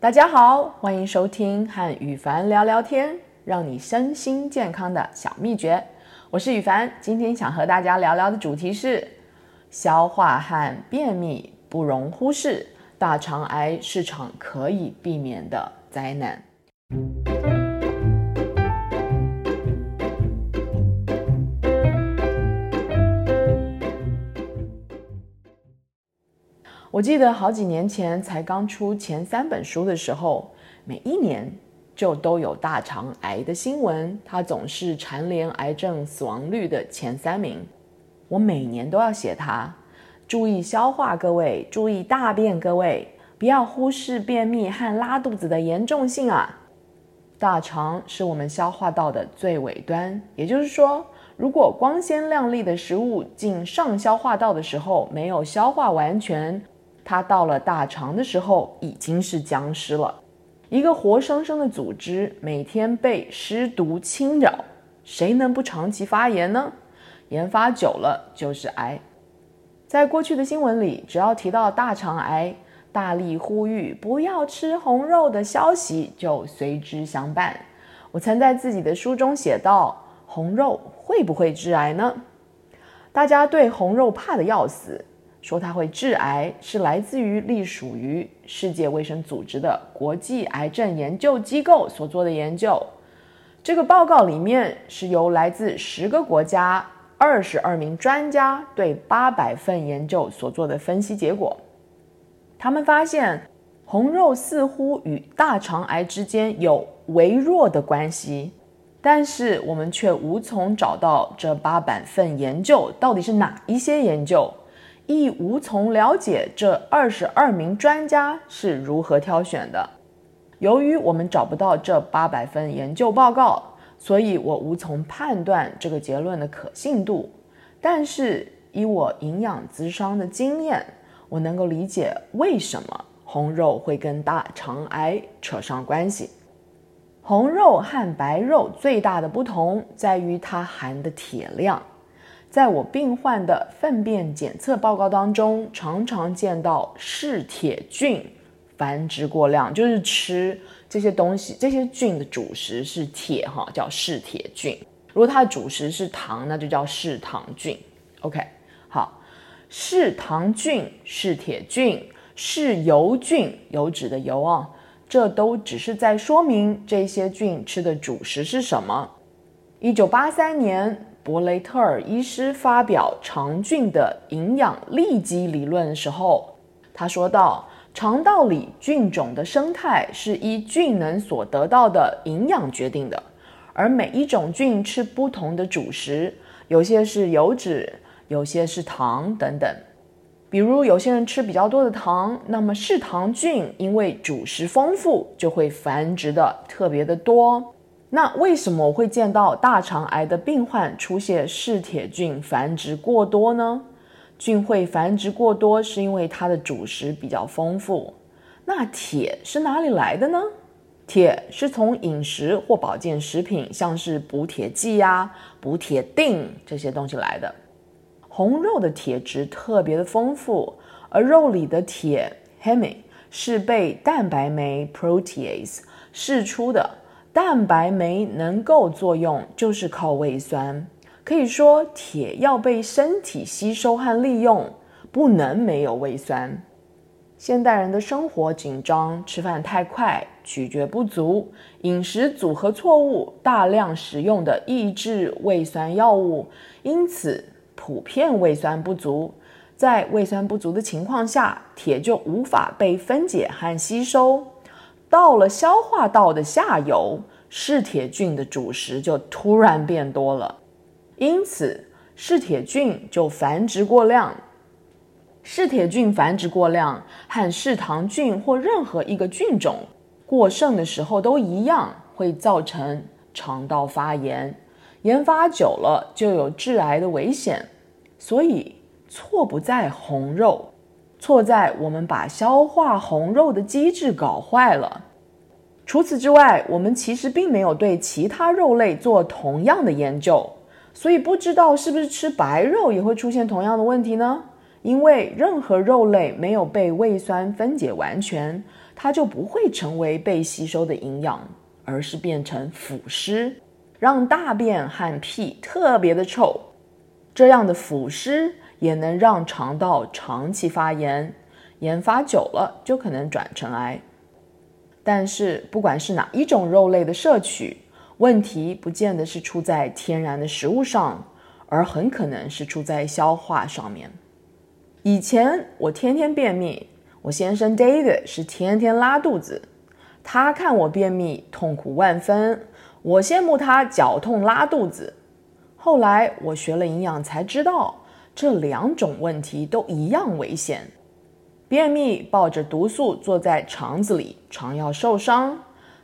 大家好，歡迎收聽和宇凡聊聊天，讓你身心健康的小秘訣。我是宇凡，今天想和大家聊聊的主題是消化和便秘不容忽視，大腸癌是場可以避免的災難。我記得好幾年前才剛出前三本書的時候，每一年就都有大腸癌的新聞，它總是蟬聯癌症死亡率的前三名。我每年都要寫它，注意消化各位，注意大便各位，不要忽視便秘和拉肚子的嚴重性啊！大腸是我們消化道的最尾端，也就是說，如果光鮮亮麗的食物進上消化道的時候沒有消化完全。他到了大腸的時候已經是僵屍了，一個活生生的組織每天被屍毒侵擾，誰能不長期發炎呢？炎發久了就是癌。在過去的新聞裡，只要提到大腸癌，大力呼籲不要吃紅肉的消息就隨之相伴。我曾在自己的書中寫道：紅肉會不會致癌呢？大家對紅肉怕得要死。說它會致癌，是來自於隸屬於世界衛生組織的國際癌症研究機構所做的研究。這個報告裡面是由來自十個國家，二十二名專家對八百份研究所做的分析結果。他們發現紅肉似乎與大腸癌之間有微弱的關係，但是我們卻無從找到這八百份研究到底是哪一些研究。亦無從了解這二十二名專家是如何挑選的。由於我們找不到這八百份研究報告，所以我無從判斷這個結論的可信度。但是，以我營養諮商的經驗，我能夠理解為什麼紅肉會跟大腸癌扯上關係。紅肉和白肉最大的不同在於它含的鐵量。在我病患的糞便檢測報告當中，常常見到嗜鐵菌繁殖過量，就是吃這些東西。這些菌的主食是鐵，哈，叫嗜鐵菌。如果它的主食是糖，那就叫嗜糖菌。OK，好，嗜糖菌、嗜鐵菌、嗜油菌，油脂的油啊，這都只是在說明這些菌吃的主食是什麼。1983年，伯雷特爾醫師發表腸菌的營養利基理論時候，他說道，腸道裡菌種的生態是依菌能所得到的營養決定的，而每一種菌吃不同的主食，有些是油脂，有些是糖等等。比如有些人吃比較多的糖，那麼嗜糖菌因為主食豐富，就會繁殖的特別的多。那為什麼我會見到大腸癌的病患出現嗜鐵菌繁殖過多呢？菌會繁殖過多，是因為它的主食比較豐富。那鐵是哪裡來的呢？鐵是從飲食或保健食品，像是補鐵劑呀、啊、補鐵錠這些東西來的。紅肉的鐵質特別的豐富，而肉裡的鐵 （hemin） 是被蛋白酶 （protease） 釋出的。蛋白酶能夠作用，就是靠胃酸。可以說，鐵要被身體吸收和利用，不能沒有胃酸。現代人的生活緊張，吃飯太快，咀嚼不足，飲食組合錯誤，大量食用的抑制胃酸藥物，因此普遍胃酸不足。在胃酸不足的情況下，鐵就無法被分解和吸收。到了消化道的下游，嗜鐵菌的主食就突然變多了，因此嗜鐵菌就繁殖過量。嗜鐵菌繁殖過量和嗜糖菌或任何一個菌種過剩的時候都一樣，會造成腸道發炎，炎發久了就有致癌的危險。所以錯不在紅肉。錯在我們把消化紅肉的機制搞壞了。除此之外，我們其實並沒有對其他肉類做同樣的研究，所以不知道是不是吃白肉也會出現同樣的問題呢？因為任何肉類沒有被胃酸分解完全，它就不會成為被吸收的營養，而是變成腐屍，讓大便和屁特別的臭。這樣的腐屍。也能讓腸道長期發炎，炎發久了就可能轉成癌。但是不管是哪一種肉類的攝取，問題不見得是出在天然的食物上，而很可能是出在消化上面。以前我天天便秘，我先生 David 是天天拉肚子，他看我便秘痛苦萬分，我羨慕他絞痛拉肚子。後來我學了營養才知道，這兩種問題都一樣危險，便秘抱着毒素坐在腸子裡，腸要受傷；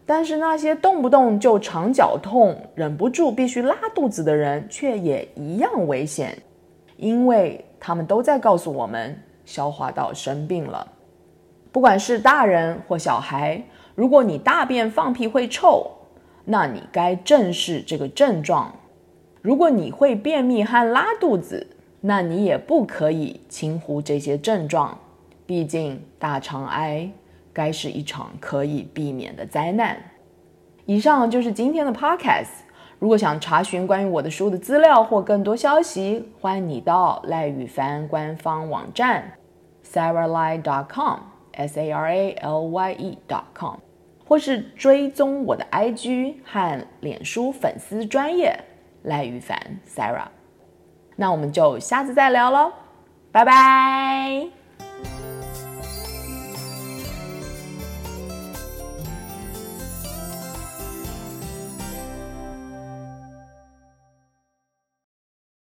但是那些動不動就腸絞痛、忍不住必須拉肚子的人，卻也一樣危險，因為他們都在告訴我們，消化道生病了。不管是大人或小孩，如果你大便放屁會臭，那你該正視這個症狀；如果你會便秘和拉肚子，那你也不可以輕忽這些症狀，畢竟大腸癌該是一場可以避免的災難。以上就是今天的 podcast。如果想查詢關於我的書的資料或更多消息，歡迎你到賴宇凡官方網站 saralye.com，s-a-r-a-l-y-e.com，e. 或是追蹤我的 IG 和臉書粉絲專業賴宇凡 Sara。Sarah 那我們就下次再聊嘍，拜拜。